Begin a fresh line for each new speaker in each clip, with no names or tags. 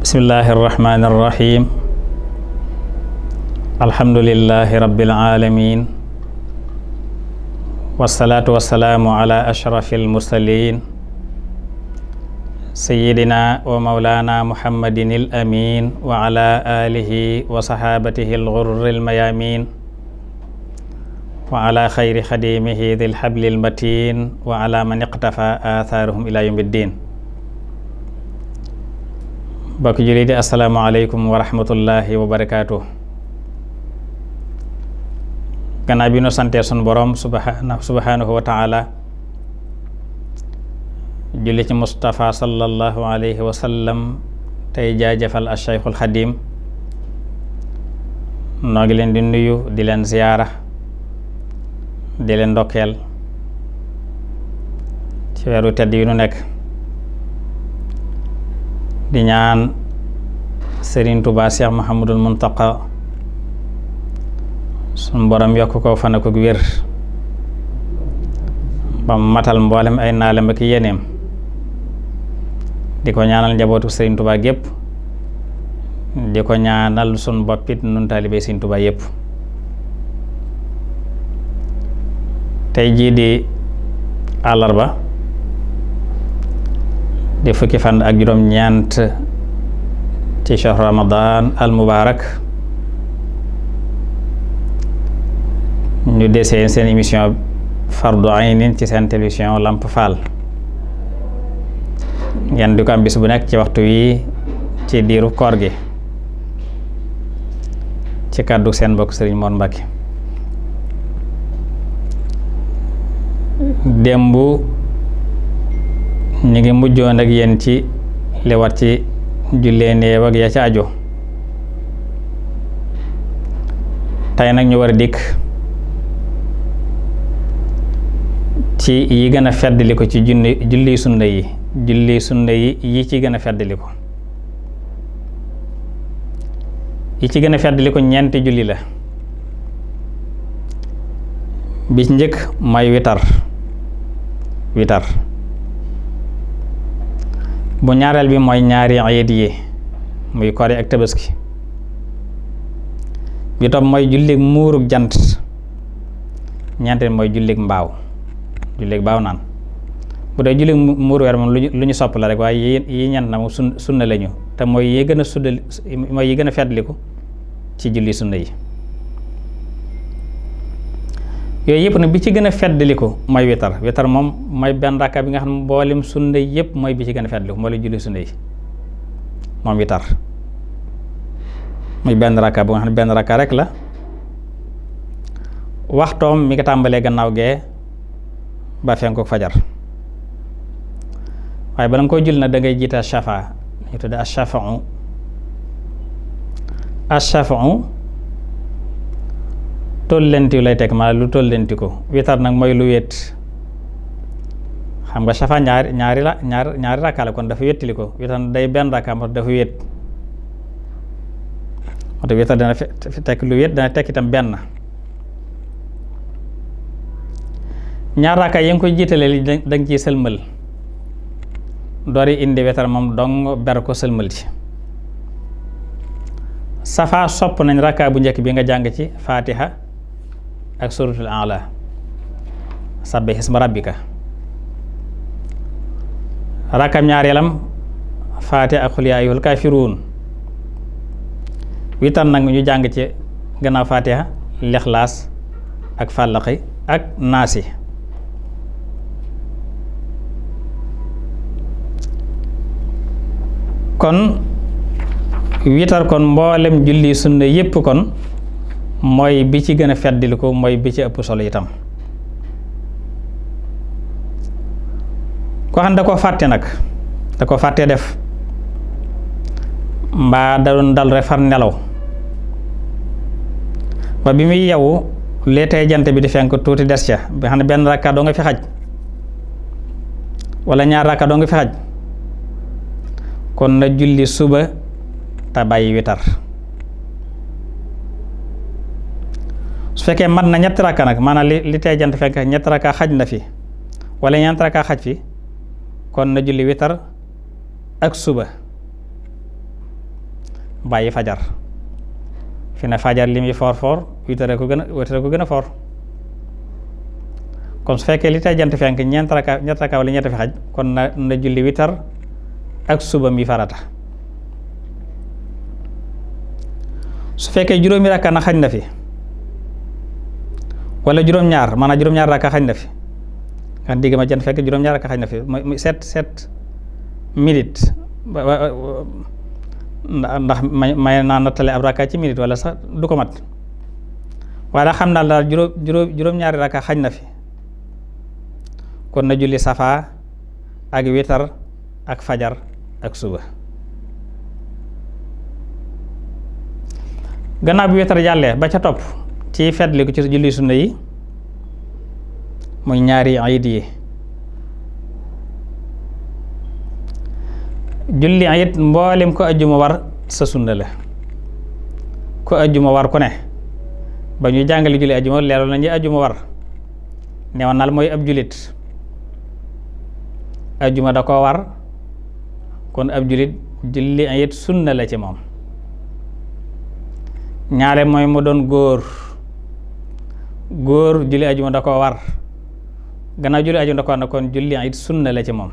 bismillahi irrahmani irrahim alhamdulilahi rabilalamin wasalaatu wasalaamu ala ashrafi almursalin sayyidina wa mawlaana muhammadin il amiin wa ala aalihi wa saxaabatihi al ghurri al mayaamiin wa ala xayri xadimihi dil xablil matin wa ala man iqtafa aathaarahum ila yawmi ddin bokk julli di assalaamu aleykum wa rahmatullahi wa barakaatuh gannaaw bi nu santee sun borom subhanahu subhanahu wa taala julli ci Moustapha sallallahu alayhi wa tey jaajëfal al Xadim noo leen di nuyu di leen ziyaara di leen ndokkeel ci weeru tedd yi nekk di ñaan Serigne Touba Cheikh Mouhamadul su sun borom yokk ko fan ak wér ba matal mboolem ay naalam ak yéeneem di ko ñaanal njabootu sëriñ Tuubaa gépp di ko ñaanal sun boppit nun taalibee sëriñ Tuubaa yépp tey jii di àllarba di fukki fan ak juróom ñeent ci shahr ramadan al mubarak ñu desee seen émission fardu aynin ci seen télévision Lamp Fall ngeen di ko am bis bu nekk ci waxtu wi ci diiru koor gi ci kàddu seen mbokk Serigne Mor Mbacke démb ñu ngi mujjoon ak yéen ci li war ci jullee néew ya ca aju tey nag ñu war a dikk ci yi gën a feddli ko ci junni julli sunna yi julli sunna yi yi ci gën a feddali ko yi ci gën a feddali ko ñeenti julli la bi ci njëkk mooy witar witar bu ñaareel bi mooy ñaari ayit yi muy kori ak tabaski bi topp mooy jullig muurug jant ñeenteel mooy jullig mbaaw jullig baaw naan bu dee julli muur weer moom lu ñu sopp la rek waaye yi yi ñan na moom sun sunna la ñu te mooy yi gën a suddal mooy yi gën a feddliku ci julli sunna yi yëpp nag bi ci gën a feddliku mooy witar witar moom mooy benn rakka bi nga xam ne mboolem sunna yëpp mooy bi ci gën a feddliku moo la julli sunna yi moom witar muy benn rakka bu nga xam benn rakka rek la waxtoom mi nga tàmbalee gannaaw gee ba fenkook fajar waaye bala nga koy jul nag da ngay jiita shafaa ñu tudde ashafau ashafau tollanti lay teg maanaam lu tollanti ko witar nag mooy lu wéet xam nga shafaa ñaari ñaari la la kon dafa wéttili ko witar day benn rakka moo dafa wéet moo witar dana tekk lu wéet dana tekk itam benn ñaar rakka yi nga koy jiitalee da nga ciy sëlmal dori indi wetar moom dong ber ko sëlmal ci safa sopp nañ rakka bu njëkk bi nga jàng ci fatiha ak suratul ala sabbih isma rabbika rakkam ñaareelam fatiha ak xul yaa ayyuhal kaafiruun witar nag ñu jàng ci gannaaw fatiha lexlaas ak fàllaqi ak naasi kon witar kon mboolem julli sunna yépp kon mooy bi ci gën a fedd feddil ko mooy bi ci ëpp solo itam ko xam da ko fàtte nag da ko fàtte def mbaa da doon dal rek far nelaw ba bi muy yeewu lee tey jant bi di fenk tuuti des ca bi xam ne benn rakka doo nga fi xaj wala ñaar rakka doo nga fi xaj kon na julli suba te bàyyi witar su fekkee mat na ñett rakka nag maanaam li li tey jant fekk ñetti rakka xaj na fi wala ñeenti rakka xaj fi kon na julli witar ak suba bàyyi fajar fi na fajar li muy foor foor witare ko gën a witare ko gën a foor kon su fekkee li tey jant fenk ñeent raka ñett raka wala ñett fi xaj kon na na julli witar ak suba mi farata su fekkee juróomi rakka na xañ na fi wala juróom-ñaar maanaam juróom-ñaar rakka xañ na fi nga digg ma jant fekk juróom-ñaar rakka xañ na fi muy sept sept minutes ndax may naa ci minute wala sax du xam naa daal xañ na fi kon na julli safa ak witar ak fajar ak suba gannaaw bi wetar jàllee ba ca topp ci fetliku ci julli sunna yi muy ñaari ayit yi julli ayit mboolem ko ajjuma war sa sunna ko ajjuma war ku ne ba ñu jàngale julli ajjuma leeral nañu ajjuma war neewoon naal mooy ab jullit ajjuma da koo war kon ab jullit julli ayit sunna la ci moom ñaare mooy mu doon góor góor julli ajuma da ko war gannaaw julli ajuma da ko war na kon julli ayit sunna la ci moom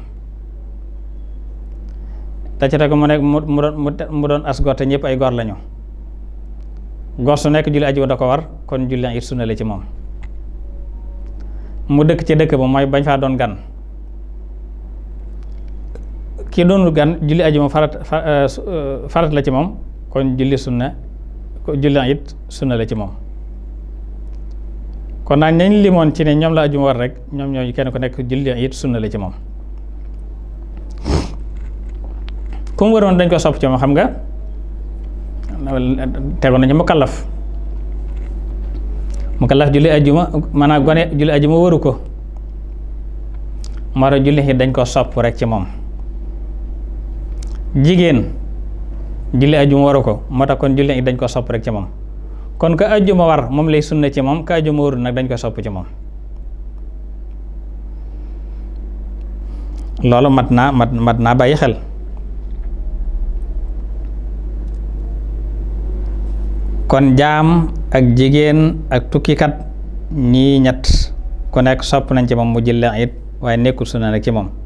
te ci mu nekk mu doon as gor te ñëpp ay gor lañu gor su nekk julli ajuma da ko war kon julli ayit sunna la ci moom mu dëkk ci dëkk ba mooy bañ faa doon gan kii doonul gan julli ajuma farat euh, euh, farat la ci moom kon julli sunna julli it sunna la ci moom kon nag nañ limoon ci ne ñoom la ajuma war rek ñoom ñooñu kenn ku nekk julli it sunna la ci moom ku mu waroon dañ ko sopp ci moom xam nga tegoon nañu mu kallaf mu kallaf julli ajuma maanaam gone julli ajuma waru ko moo tax julli it dañ ko sopp rek ci moom jigéen julli ajjuma waru ko moo tax kon julli dañ ko sopp rek ci moom kon ka ajjuma war moom lay sunna ci moom ka ajjuma warul nag dañ ko sopp ci moom loolu mat naa mat mat naa bàyyi xel kon jaam ak jigéen ak tukkikat ñii ñett ku nekk sopp nañ ci moom mu julli it waaye nekkul sunna nag ci moom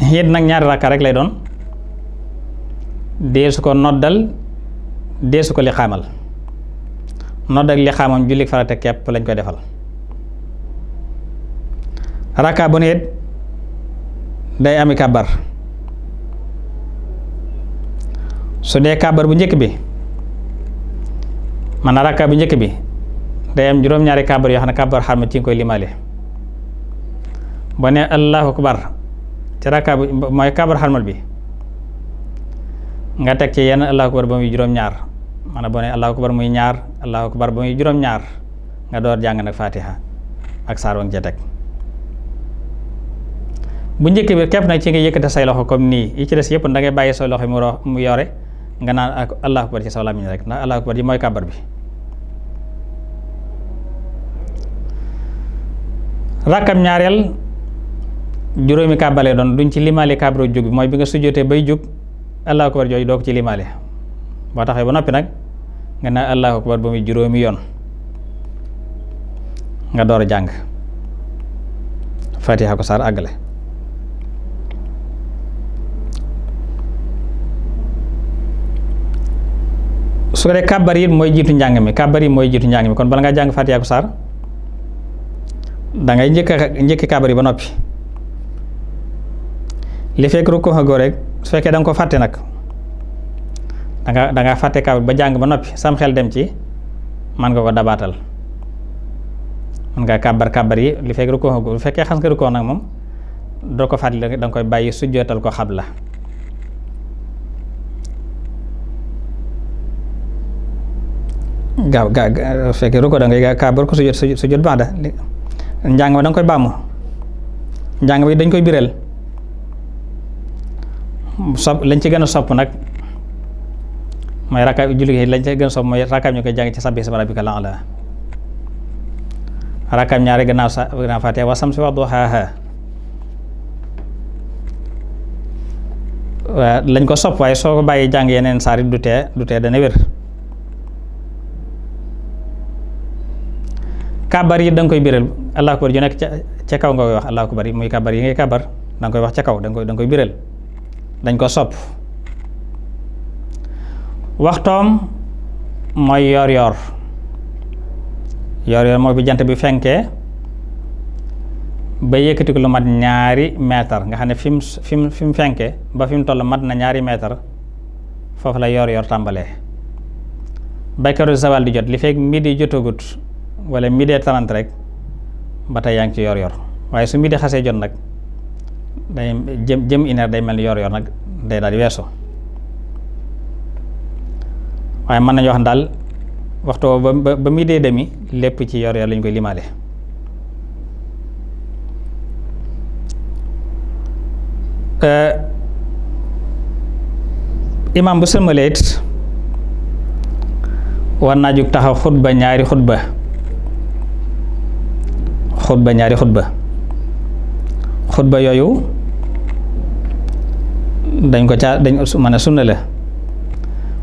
xiit nag ñaari rakka rek lay doon deesu ko noddal deesu ko li xaamal nodd ak li xaamam julli farata kepp lañ koy defal rakka bu neet day ami kàbbar su dee kàbbar bu njëkk bi man na rakka bu njëkk bi day am juróom-ñaari kàbbar yoo xam ne kàbbar xarma ci nga koy limaale boo ne allahu akbar ci rakka bi mooy kaabar xarmal bi nga teg ci yenn allahu akbar ba muy juróom-ñaar maanaam boo ne allahu akbar muy ñaar juróom-ñaar nga door jàng nag fatiha ak saar wang ca teg bu njëkk bi képp nag ci nga yëkkate say loxo comme nii yi ci des yëpp da ngay bàyyi say loxo mu mu yore nga naan ak allahu akbar ci sa làmmiñ rek ndax allahu akbar yi mooy kaabar bi rakkam ñaareel juróomi kàbbalee doon duñ ci limaale kàbbaru jóg bi mooy bi nga sujjootee bay jóg allahu akbar jooju doo ko ci limaale boo taxee ba noppi nag nga naan allahu akbar ba muy juróomi yoon nga door a jàng fatiha ko saar àggale su mooy jiitu njàng mi kàbbar mooy jiitu njàng mi kon bala ngaa jàng fatiha ko saar dangay njëkk njëkk kàbbar yi ba noppi li fekk rukkoo nga góor rek su fekkee da ko fàtte nag danga danga fàtte kaw ba jàng ba noppi sam xel dem ci mën nga ko dabaatal man nga kàbbar kàbbar yi li fekk rukkoo nga fekkee xas nga rukkoo nag moom doo ko fàttali da nga koy bàyyi sujjootal ko xab la gaaw gaa fekkee da ngay gaa kàbbar ko sujjoot sujjoot baada njàng ma da koy bàmmu njàng bi dañ koy biral sopp lañ ci gën a sopp nag mooy rakkaab julli lañ ci gën a sopp mooy rakkaab ñu koy jàng ci sabbi sama rabbika ala rakkaab ñaari gannaaw sa gannaaw Faatiha wa samsi wa duhaaha lañ ko sopp waaye soo ko bàyyi jàng yeneen saar it du tee du tee dana wér kabar yi da nga koy biral allahu akbar ju nekk ca ca kaw nga koy wax allahu akbar yi muy kabar yi ngay kabar da koy wax ca kaw da nga koy da koy biral dañ ko sopp waxtoom mooy yor yor yor moo mooy bi jant bi fenkee ba yëkkatiku lu mat ñaari meetar nga xam ne fi mu fi fenkee ba fi mu toll mat na ñaari meetar foofu la yor yor tàmbalee baykaru zawal di jot li fekk midi jotagut wala midi trente rek ba te yaa ngi ci yor yor waaye su midi xasee jot nag day jëm jëm ineer day mel ni yor yor nag day daal di weesu waaye mën nañu wax daal waxtu ba ba muy dee demi lépp ci yor yor lañ koy limaale euh, imaam bu sëlmalee it war naa jug taxaw xutba ñaari xutba xutba ñaari xutba xutba yooyu dañ ko caa dañ mën a sunna la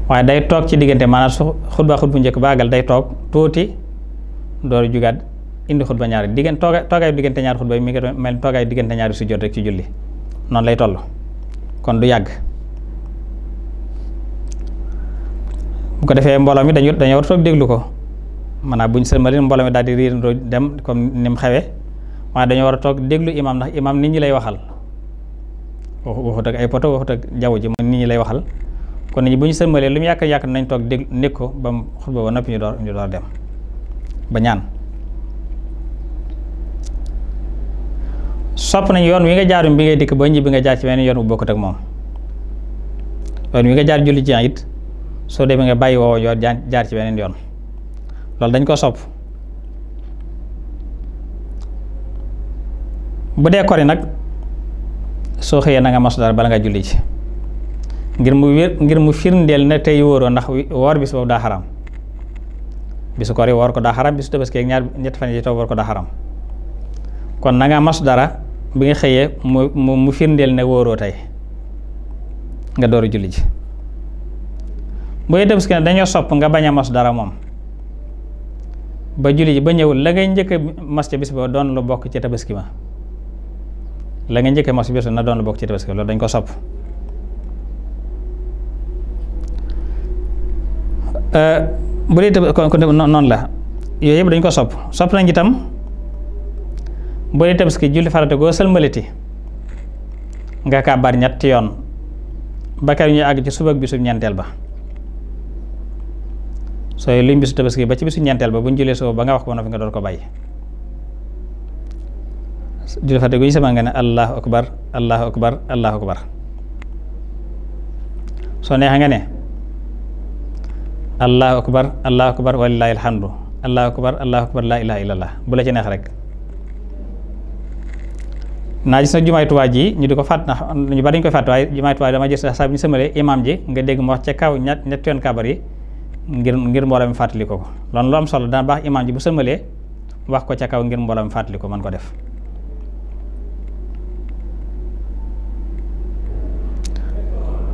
waaye day toog ci diggante maanaam su xutba xutbu njëkk baagal day toog tuuti door jugaat indi xutba ñaari diggante tooga toogaayu diggante ñaari xutba yi mi ngi mel toogaayu diggante ñaari jot rek ci julli noonu lay toll kon du yàgg bu ko defee mbooloo mi dañu dañoo war a toog déglu ko maanaam buñ sëlmali mbooloo mi daal di riirandoo dem comme ni mu xewee waaye dañoo war a toog déglu imam ndax imam nit ñi lay waxal waxut ak ay poto waxut ak jaw ji moom nit ñi lay waxal kon nit ñi bu ñu sëmbalee lu mu yàkk yàkk nañ toog dégg nekk ko ba mu xutba ba noppi ñu door ñu door dem ba ñaan sopp nañ yoon wi nga jaarum bi ngay dikk ba ñibbi nga jaar ci beneen yoon bu bokkut ak nga jaar julli ci soo demee nga bàyyi woo yoon jaar ci beneen yoon loolu dañ ko sopp bu dee kori nag soo xëyee na nga mos dara bala nga julli ci ngir mu wér ngir mu firndeel ne tey wóoroo ndax woor bis boobu daa xaram bisu koor yi woor ko daa xaram bisu tabaski ak ñaar ñetti fan yi toog woor ko daa xaram kon na nga mos dara bi nga xëyee mu mu firndeel ne wóoroo tey nga door a julli ji bu dee tabaski nag sopp nga bañ a mos dara moom ba julli ji ba ñëwul la ngay njëkk a mos ca bis ba doon lu bokk ci tabaski ma la nga njëkkee mos bisu na doon lu bokk ci tabaski loolu dañ ko sopp euh, bu dee kon kon noonu la yooyu yëpp dañ ko sopp sopp nañ itam bu dee tabaski julli farata goo sëlmaliti nga kàbbaar ñetti yoon ba kar ñuy àgg ci suba ak bisu ñeenteel ba sooy luñ bisu tabaski ba ci bisu ñeenteel ba bu jullee soo ba nga wax ko ba noppi nga door ko bàyyi julli fàtte gu ñu sama nga ne allahu akbar allahu akbar allahu akbar soo neexee nga ne allahu akbar allahu akbar walillahi alhamdu allahu akbar allahu akbar laa ilaha illallah bu la ci neex rek naa gis nag jumaay Tuubaa ji ñu di ko fàtt na ñu bari ñu koy fàtt waaye jumaay Tuubaa dama gis saa bu ñu sëmalee imaam ji nga dégg mu wax ca kaw ñett ñetti yoon kabar yi ngir ngir mbooloo mi fàttali ko ko loolu lu am solo dana baax imaam ji bu sëmalee wax ko ca kaw ngir mbooloo mi fàttali ko mën ko def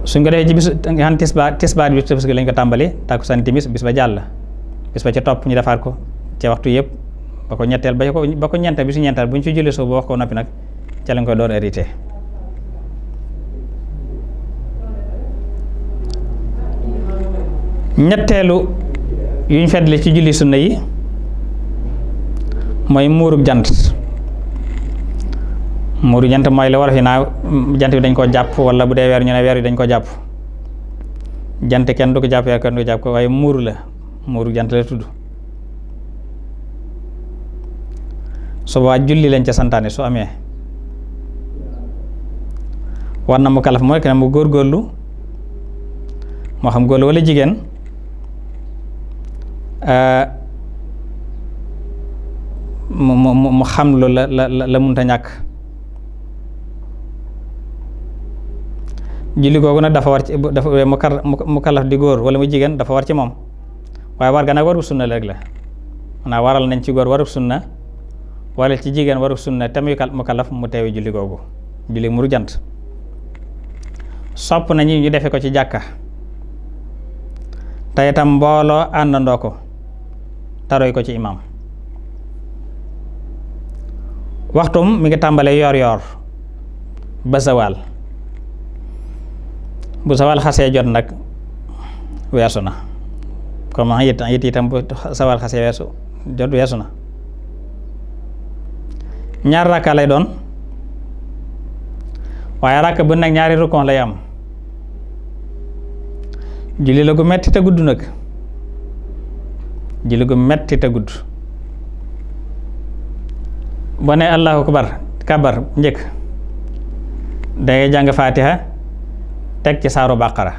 suñ ko defee ci bis nga xam tisbaar tisbaar bi bis lañ ko tàmbali tàkkusaan timis bis ba jàll bis ba ca topp ñu defaat ko ca waxtu yëpp ba ko ñetteel ba ko ba ko ñeenteel bi su ñeenteel bu ñu ci julli soo ba wax lañ koy door hérité ñetteelu yuñ feddle ci julli sunna yi mooy muurug jant muuru jant mooy la war a fi naa jant bi dañ koo jàpp wala bu dee weer ñu ne weer bi dañ ko jàpp jant kenn du ko jàpp weer ko waaye muuru la muuru jant la tudd su boobaa julli lañ ca santaane su amee war na mu kalaf mooy kenn mu góorgóorlu moo xam góorlu wala jigéen euh, mu mu mu xam lu la la la munta ñàkk julli googu nag dafa war ci mu kar mu kalaf di góor wala mu jigéen dafa war ci moom waaye war ga warul warub sunna léegi la maanaam waral nañ ci góor warub sunna walla ci jigéen warub sunna te muy mu kalaf mu teewi julli googu julli muru jant sopp nañu ñu defe ko ci jàkka te itam mbooloo àndandoo ko taroy ko ci imam waxtum mi ngi tàmbalee yoor yoor ba sawaal bu sawal xasee jot nag weesu na comme it it itam bu sawal xasee weesu jot weesu na ñaar rakka lay doon waaye rakk bu nag ñaari rukon lay am julli la gu metti gudd nag julli gu metti te gudd boo allahu akbar kabar njëkk dangay jàng faatiha teg ci saaru bàqara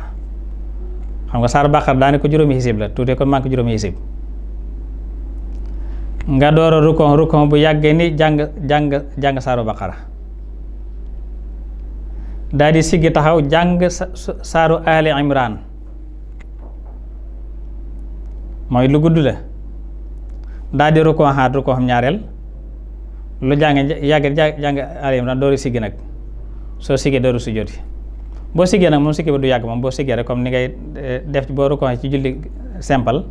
xam nga saaru bàqara daane ko juróomi xisib la tuutee kon man ko juróomi xisib nga door a rukon bu yàggee ni jàng jàng jàng saaru bàqara daal di taxaw jàng saaru ali imran mooy lu gudd la daal di rukon xaat rukon xam ñaareel lu jàng yàgg jàng ali imran dooru siggi nag soo siggi dooru sujjóoti boo siggee nag moom sikki ba du yàgg moom boo siggee rek comme ni ngay eh, def boo rukkoo ci julli simple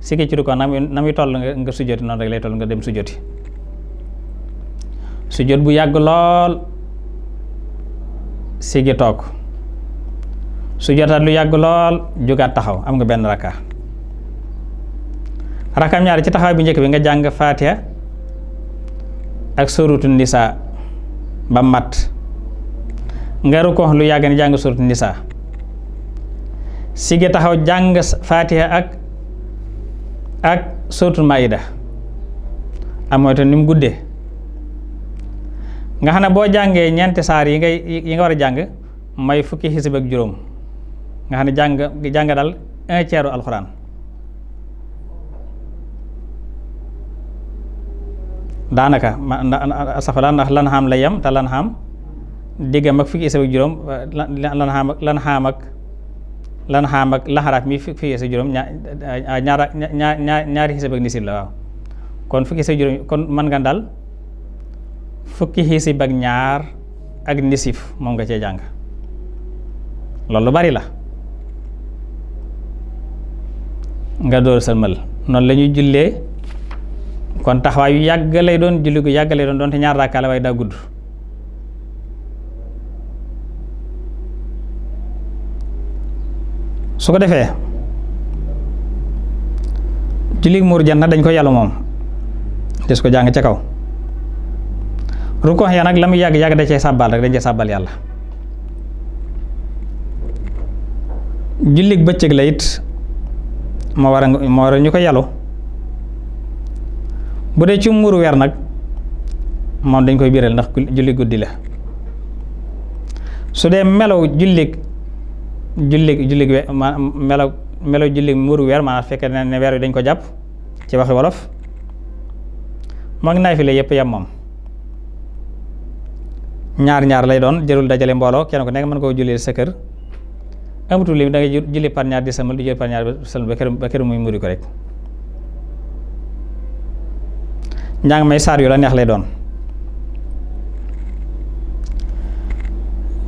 sikki ci rukkoo na muy na muy toll nga nga sujjoti noonu rek lay toll nga dem sujjoti sujjot bu yàgg lool siggi toog sujjotaat lu yàgg lool jógaat taxaw am nga benn rakka rakkaam ñaari ci taxaw bi njëkk bi nga jàng faatiha ak sóorutu nisaa ba mat nga ko lu yàgg ni jàng surat nisaa sigi taxaw jàng faatiha ak ak suratul maida amoo te ni mu guddee nga xam ne boo jàngee ñeenti saar yi ngay yi nga war a jàng may fukki xisib ak juróom nga xam ne jàng jàng dal un alxuraan daanaka ma safa la ndax lan la yem te lan xam diggam ak fukki isab ak juróom lan xaam ak lan xaam ak lan xaam fukki isab juróom ñaar ñaar ñaari xisab ak nisib la waaw kon fukki isab juróom kon man nga dal fukki xisib ak ñaar ak nisif moom nga cee jàng loolu lu bari la nga door sëlmal noonu la ñuy jullee kon taxawaay yu yàgg lay doon julli gu yàggalee lay doon doonte ñaar raakaale waaye daa gudd su ko defee julli muur jan janna dañ ko yàlla moom des ko jàng ca kaw rukoox ya nag la mu yàgg yàgg da cee sàbbal rek dañ cee sàbbal yàlla jullig bëccëg la it moo war a moo war a ñu ko yàllu bu dee ci muuru weer nag moom dañ koy biral ndax julli guddi la su dee melaw jullig jullig jullig man melo melo jullig muuru weer maanaam su fekkee ne weer wi dañ ko jàpp ci waxi wolof moo ngi naafile yëpp yam moom ñaar ñaar lay doon jërul dajale mbooloo kenn ku nekk mën koo julli sa kër amatul lim da ngay julli par ñaar di sëlmal di julli par ñaar di sëlmal ba kër ba kër muy muri ko rek njàng may saar yu la neex lay doon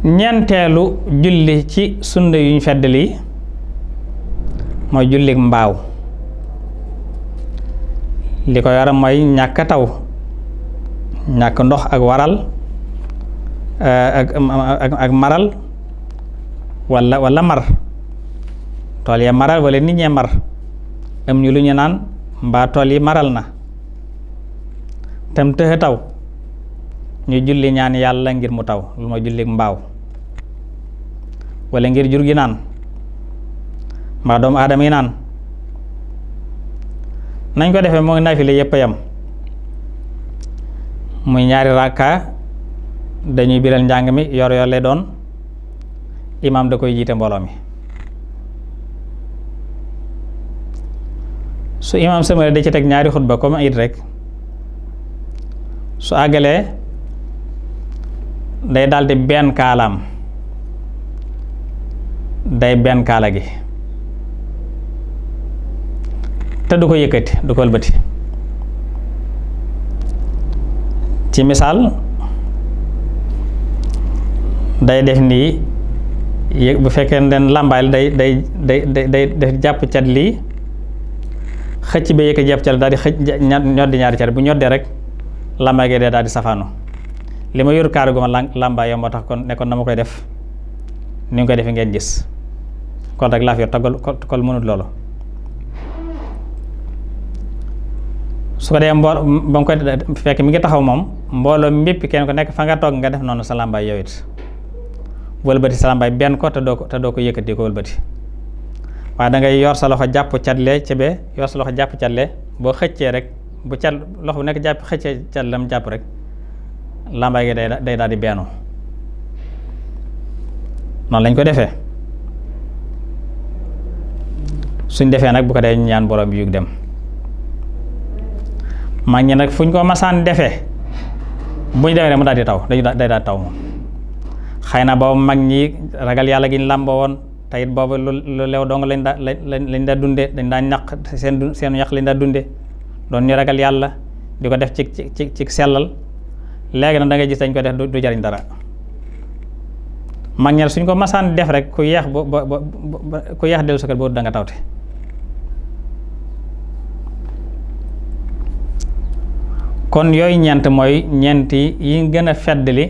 ñeenteelu julli ci sunna yuñ feddali mooy jullik mbaaw li ko yaram mooy ñàkk taw ñàkk ndox ak waral eh, ak ak maral walla walla mar tool ya maral walla nit ñee mar am ñu lu ñu naan mbaa tool yi maral na tam tëxe taw ñu julli ñaan yàlla ngir mu taw lu ma julli mbaaw wala ngir jur gi naan mbaa doomu aadama yi naan nañ ko defee mooy naafile yëpp a yam muy ñaari rakka dañuy biral njàng mi yor yor lay doon imaam da koy jiite mbooloo mi su imaam sëmale da ci teg ñaari xutba comme it rek su àggalee day daldi benn kaalaam day benn kaala gi te du ko yëkkati du ko ëlbati ci misaal day def nii yëg bu fekkee ne làmbaay la day day day day def jàpp cat lii xëcc ba yëkk jàpp cat daal di xëcc ñoddi ñaari cat bu ñoddee rek làmbaay gi dee daal di safaanu li ma yor kaar gu ma làmbaay yow moo tax kon nekkoon dama koy def ni nga koy defee ngeen gis kon rek laa fi yor taggal kol mënut loolu su ko dee mbool ba nga koy fekk mi ngi taxaw moom mbooloo mépp kenn ku nekk fa nga toog nga def noonu sa làmbaay yow it wëlbati sa làmbaay benn ko te doo ko te doo ko yëkkati ko wëlbati waaye da ngay yor sa loxo jàpp catle ci be yor sa loxo jàpp catle boo xëccee rek bu cal loxo bu nekk jàpp xëccee cal lam jàpp rek làmbaay gi day day daal di bennu noonu lañ ko defee suñ defee nag bu ko dee ñaan borom bi yug dem mag ñi nag fuñ ko masaan defee buñ demee rek mu daal di taw dañu day daal taw moom xëy na boobu mag ñi ragal yàlla gi ñu làmboo woon tayit boobu lu lew dong lañ daa lañ daa dunde dañ daa ñaq seen seen ñaq lañ daa dunde doon ñu ragal yàlla di ko def ci ci ci sellal léegi na da ngay gis dañ ko def du jariñ dara mag suñ ko masaan def rek ku yeex ba ba ku yeex dellu sa boobu da nga tawte kon yooyu ñeent mooy ñeenti yi gën a feddali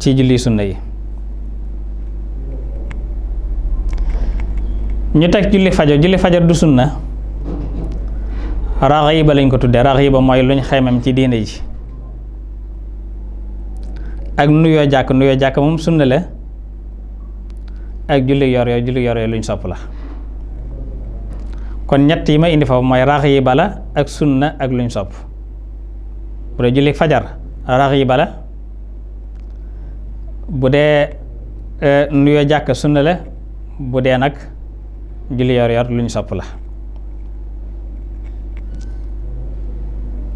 ci julli sunna yi ñu teg julli fajar julli fajar du sunna ba lañ ko tudde raxiiba mooy luñ xaymam ci diine ji ak nuyoo jàkk nuyoo jàkk moom sunna la ak julli yor yoo julli yor yoo luñ sopp la kon ñett yi ma indi foofu mooy raax yi bala ak sunna ak luñ sopp bu dee julli fajar raax yi bala bu dee e, nuyoo jàkk sunna la bu dee nag julli yor yor luñ sopp la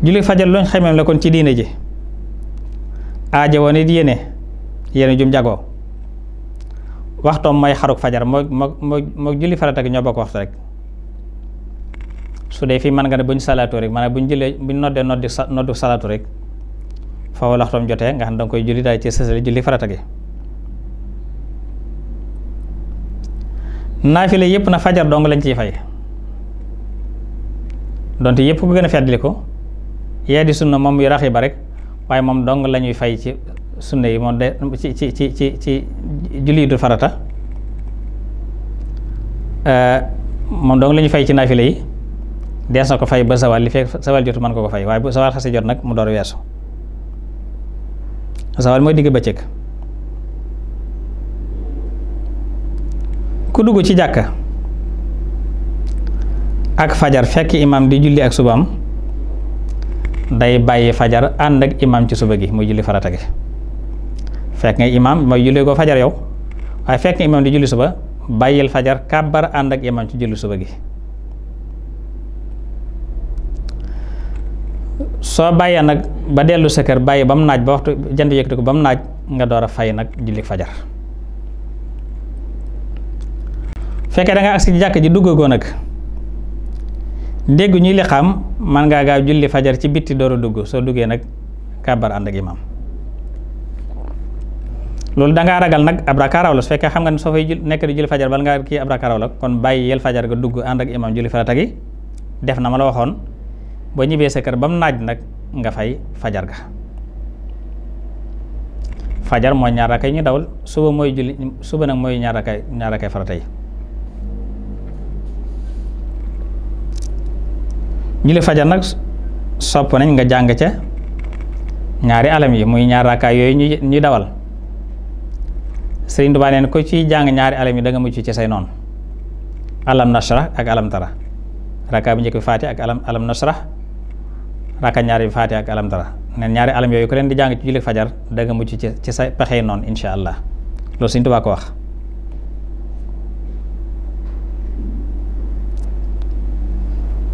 julli fajar luñ xamee la kon ci diine ji aajowoon it yéene yéene jum jagoo waxtoom mooy xaruk fajar moo moo moo julli farata gi ñoo bokk waxtu rek su dee fii man nga ne buñ salaatu rek maanaam buñ jëlee buñ noddee noddi noddu salaatu rek foofu la waxtoom jotee nga xam koy julli daal ci sësale julli yëpp na fajar dong lañ ciy fay donte yëpp ko gën a feddli ko yaa di sunna moom yu raxi ba rek waaye moom dong lañuy fay ci sunna yi moom de ci ci ci ci ci julli du farata euh, moom dong la ñuy fay ci naafile yi dees na ko fay ba sawal li fekk sawal jotu mën ko ko fay waaye bu sawal xasee jot nag mu door weesu sawal mooy digg bëccëg ku dugg ci jàkka ak fajar fekk imam di julli ak subaam day bàyyi fajar ànd ak imaam ci suba gi muy julli farata gi fekk nga imaam mooy julli ko fajar yow waaye fekk nga imaam di julli suba bàyyil fajar kàbbar ànd ak imaam ci julli suba gi soo bàyyee nag ba dellu sa kër bàyyi ba mu naaj ba waxtu jant yëkkati ko ba mu naaj nga door a fay nag julli fajar fekkee da nga agsi jàkk ji duggagoo nag dégg ñuy li xam man ngaa gaaw julli fajar ci bitti door a dugg soo duggee nag kàbbar ànd ak imaam loolu dangaa ragal nag ab rakkaaraw la su fekkee xam nga ne soo fay nekk di julli fajar bal ngaa kii ab rakkaaraw la kon bàyyi yel fajar ga dugg ànd ak imaam julli farata gi def na ma la waxoon boo ñibbee sa kër ba mu naaj nag nga fay fajar ga fajar mooy ñaar rakkay ñu dawal suba mooy julli suba nag mooy ñaar rakkay ñaar rakkay farata yi julli fajar nag soppo nañ nga jàng ca ñaari alam yi muy ñaar raakaay yooyu ñuy ñuy dawal Sëriñ Tuubaa neen ko ciy jàng ñaari alam yi danga nga mucc ci say noonu alam nashrah ak alam tara raakaay bu njëkk bi faati ak alam alam nashrah raakaay ñaari bi faati ak alam tara neen ñaari alam yooyu ku leen di jàng ci julli fajar da nga mucc ci sa say pexey noonu incha allah loolu Sëriñ Tuubaa ko wax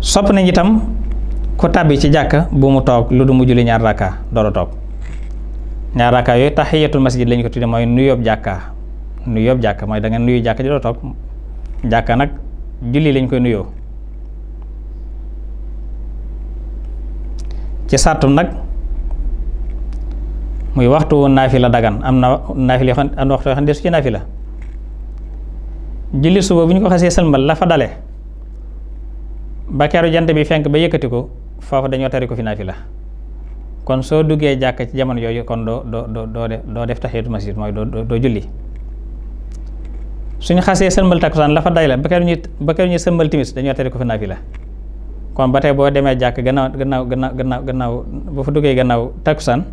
sopp nañ itam ku tàbbi ci jàkk bu mu toog lu du mu julli ñaar rakka doora toog ñaar rakka yooyu tahiyatul masjid lañ ko tudde mooy nuyoob jàkka nuyoob jàkk mooy da nuyu jàkk ji doo toog jàkka nag julli lañ koy nuyoo ci sàttum nag muy waxtu naafila dagan am na naafila yoo xam am na waxtu yoo xam ne desu ci naafila julli suba bu ñu ko xasee sëlmal la fa dale ba jant bi fenk ba yëkkati ko foofu dañoo tari ko fi la kon soo duggee jàkk ci jamono yooyu kon doo doo doo doo def tahiyatul masjid mooy doo doo julli suñu xasee sëmbal takkusaan la fa day la ba keru ba keru ñu sëmbal timis dañoo tari ko fi la kon ba tey boo demee jàkk gannaaw gannaaw gannaaw gannaaw gannaaw boo fa duggee gannaaw takkusaan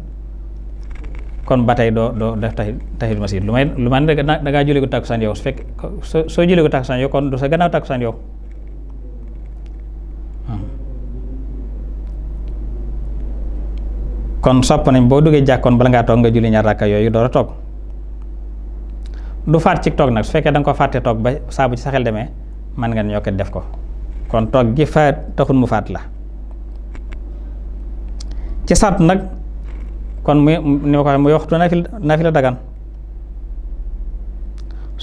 kon ba tey doo doo def tahi tahiyatul lu may lu man da ngaa julli ko takkusaan yow su fekk soo julli ko takkusaan yow kon du sa gannaaw takkusaan yow kon sopp nañ boo duggee jàkkoon bala ngaa toog nga julli ñaar rakka yooyu door a du faat ci toog nag su fekkee da nga ko fàtte toog ba saabu ci sa xel demee mën nga ñoo ko def ko kon toog gi fa taxul mu faat la ci sart nag kon muy ni ma ko waxee muy waxtu nafil nafila dagan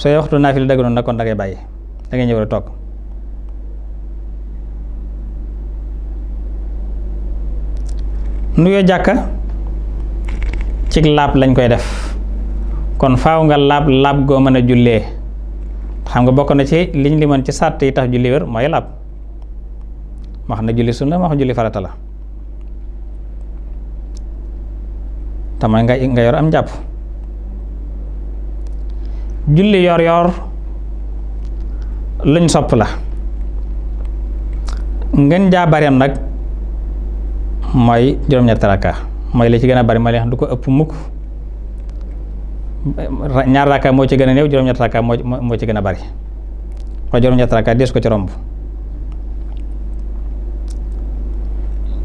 sooy waxtu nafila nag kon da ngay bàyyi dangay ngay ñëw rek toog nuyoo jàkka ci laab lañ koy def kon faaw nga laab laab goo mën a jullee xam nga bokk na ci liñ li mën ci sàtt yi tax julli wér mooy laab ma xam ne julli sunna ma xam julli farata la tamay nga nga yor am jàpp julli yor yor luñ sopp la ngeen jaa nag mooy juróom-ñetti rakka mooy la ci gën a bari mooy li du ko ëpp mukk ñaar rakka moo ci gën a néew juróom-ñetti rakka moo moo ci gën a bari waaye juróom-ñetti rakka dees ko ci romb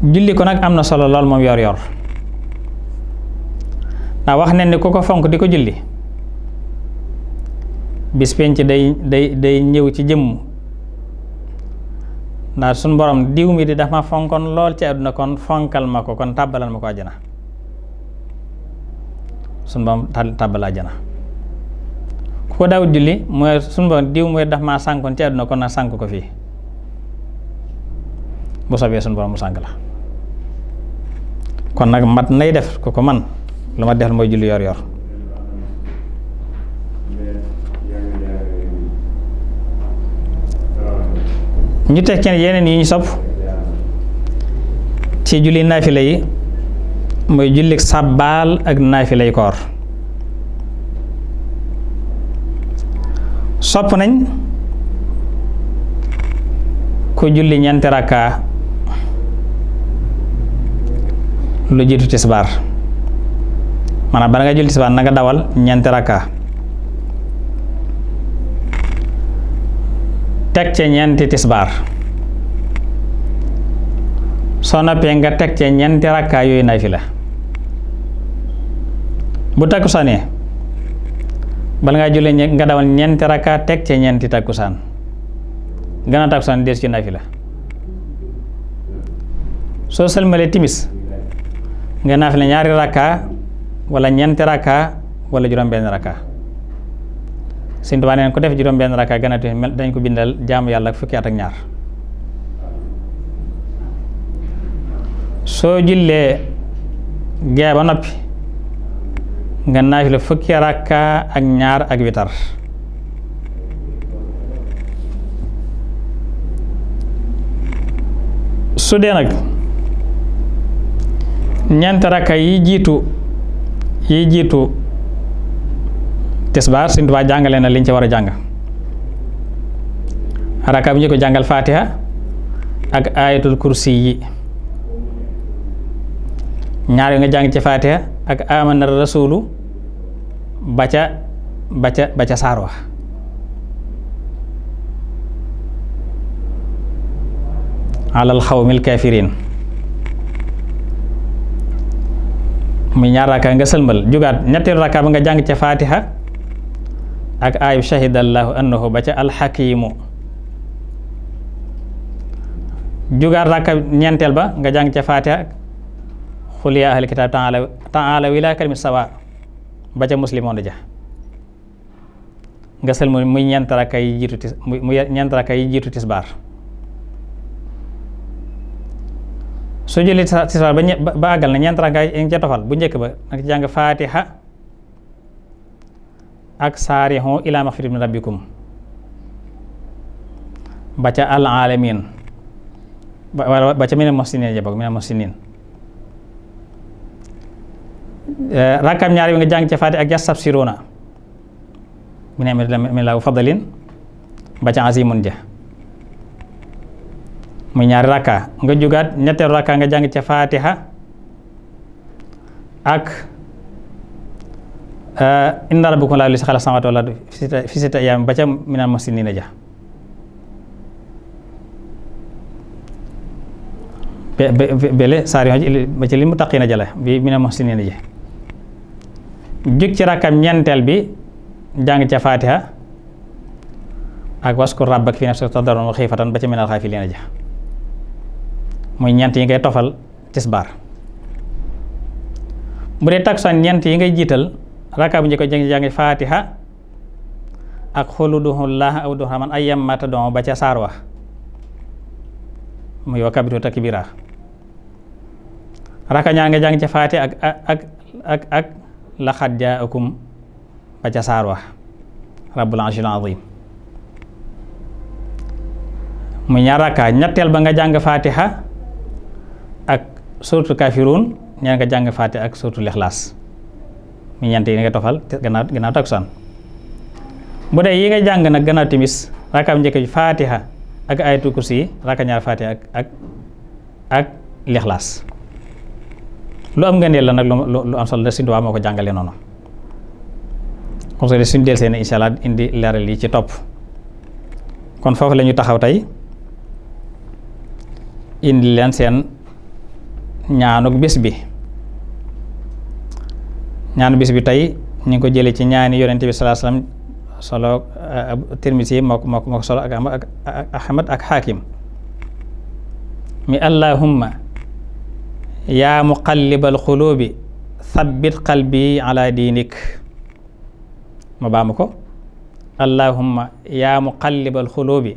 julli ko nag am na solo lool moom yor yor ndax wax ne ni ku ko fonk di ko julli bis penc day day day ñëw ci jëmm ndax suñ borom diw mi di daf ma fonkoon lool ci àdduna kon fonkal ma ko kon tàbbalal ma ko àjjana suñ borom tàbbal àjjana ku ko daw julli mooy suñ borom diw mooy daf maa sànkoon ci àdduna kon na sànk ko fii bu sobee suñ borom mu sànk la kon nag mat nay def ku ko man lu ma defal mooy julli yor yor ñu teg yeneen yi ñu sopp ci julli naafila yi mooy jullik sàbbaal ak naafi lay koor sopp nañ ku julli ñeenti rakka lu jiitu tisbaar maanaam bala nga julli tisbaar na nga dawal ñeenti rakka teg ce ñeenti tisbaar soo noppee nga teg ca ñeenti rakkaa yooyu la bu takkusaanee bala ngaa julli nga dawal ñeenti rakkaa teg ca ñeenti takkusaan gën a takkusaan des ci nafila soo sëlmalee timis nga nafila ñaari rakkaa wala ñeenti rakkaa wala juróom benn rakkaa Sëñ Tuubaa neen ku def juróom benn rakka gën dañ ko bindal jaamu yàlla ak fukki at ak ñaar soo jullee gee ba noppi nga naafila fukki rakka ak ñaar ak witar su dee nag ñeenti rakka yi jiitu yi jiitu tisbaar Sëñ Tuubaa jàngale na liñ ca war a jàng raka bi ñu ko jàngal fatiha ak ayatul kursi yi ñaar yu nga jàng ca fatiha ak amana rasulu ba ca ba ca ba ca saar wax alal xawmil ñaar raka nga sëlmal jugaat ñetteelu raka bi nga jàng ca fatiha ak aayub shahidallahu annahu ba ca alxakimu jugaat rakka ñeenteel ba nga jàng ca faatiha xul yaa ahli kitaab taala taala wilaa kalimi sawa ba ca muslimoon ja nga sëlmu muy ñeent rakka tisbaar su tisbaar ba àggal na ñeent rakka ca tofal bu njëkk ba nga jàng faatiha ak saarixu ilaa maxfiratin min rabbikum ba ca al alamin ba ca minal ja bokk minal muhsinin eh, rakkam ñaar bi nga jàng ca faati ak yastabsiruna mi ne mi laa fadalin ba azimun ja muy ñaari rakka nga jugaat ñetteelu rakka nga jàng ca faatiha ak Eh, a rabbakum laa li si xala samawati wala fi sita yaam ba ca minal musinina ja bele saar yoo ba ci li mu taqina jale bi minal musinina ja jóg ci rakkam ñeenteel bi jàng ca fatiha ak waskur rabbak fi nafsika tadarruan wa xiifatan ba ca minal xaafiliina ja muy ñeent yi ngay tofal tisbaar bu dee takkusaan ñeent yi ngay jiital raka bu njëkk jàng jàng faatiha ak xuluduhullah aw duhaman ayyam mata don ba ca saar wa muy wa kabiru takbira raka ñaar nga jàng ca faatiha ak ak ak ak ba ca saar wa rabbul arshil azim mu ñaar raka ñetteel ba nga jàng faatiha ak suratul kafirun ñaar nga jàng faatiha ak suratul ixlaas mi ñeent yi nga tofal gannaaw gannaaw takkusaan bu dee yi nga jàng nag gannaaw timis raakaam njëkk bi faatiha ak ayatul kursi yi raaka ñaar faatiha ak ak ak lixlaas lu am ngëneel la nag lu am solo la Sëñ Tuubaa moo ko jàngale noonu comme ça suñ dellusee ne incha allah indi leeral yi ci topp kon foofu la ñu taxaw tey indi leen seen ñaanuk bis bi ñaanu bis bi tey ñu ngi ko jëlee ci ñaani yonente bi salaa salaam solo eh, Tirmisi moo ko moo ko solo ak Ahmad ak Hakim mi allahumma yaa muqallibal quluubi thabbit qalbi ala diinik ma baamu ko allahumma yaa muqallibal quluubi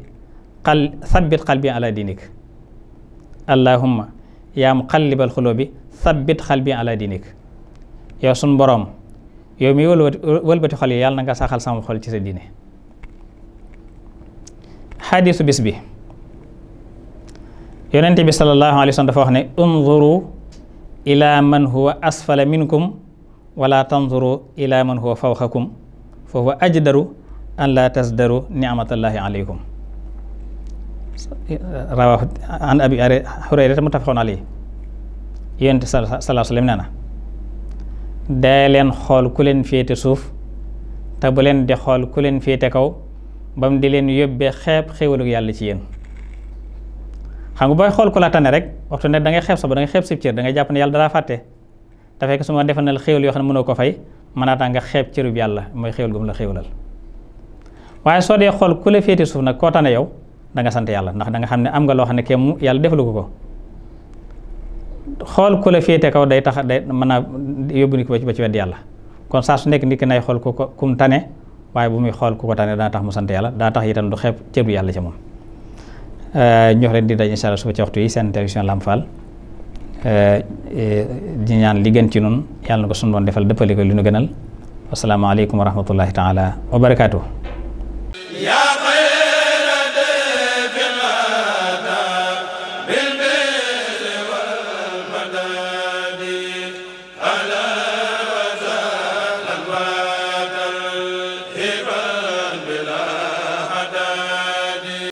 qal thabbit qalbi ala diinik allahumma yaa muqallibal quluubi thabbit qalbi ala diinik yow sun boroom yow mi wëlbati wëlbati xol yi yàlla na saxal sama xol ci sa diine xadiisu bis bi yonent bi sallallahu alayhi wa sallam dafa wax ne unzuru ila man huwa asfala minkum wala tanzuru ila man huwa fawxakum fa huwa ajdaru an la tasdaru ni'matallahi alaykum rawahu hurayrata muttafaqun alayhi yonent sallallahu dee leen xool ku leen féete suuf te bu leen di xool ku leen féete kaw ba mu di leen yóbbee xeeb xéewalug yàlla ci yéen xam nga booy xool ku la tane rek waxtu ne da ngay xeeb sa ba da ngay xeeb sib cër da ngay jàpp ne yàlla dalaa fàtte te fekk su ma defal yoo xam ne mënoo ko fay mën nga tax nga xeeb cërub yàlla mooy xéewal gu mu la xéewalal waaye soo dee xool ku la féete suuf nag koo tane yow da nga sant yàlla ndax danga xam ne am nga loo xam ne ke mu yàlla defalu ko ko xool ku la féete kaw day tax day mën a yóbbu nit ki ba ci wedd yàlla kon saa su nekk nit ki nay xool ku ko kum tane waaye bu muy xool ku ko tane dana tax mu sante yàlla dana tax itam du xeeb cëru yàlla ci moom euh, ñu leen di daj incha allah suba ci waxtu yi seen télévision Lamp euh, euh, di ñaan li gën ci nun yàlla na ko sunu doon defal dëppale ko li nu gënal wasalaamaaleykum wa rahmatullahi taala wa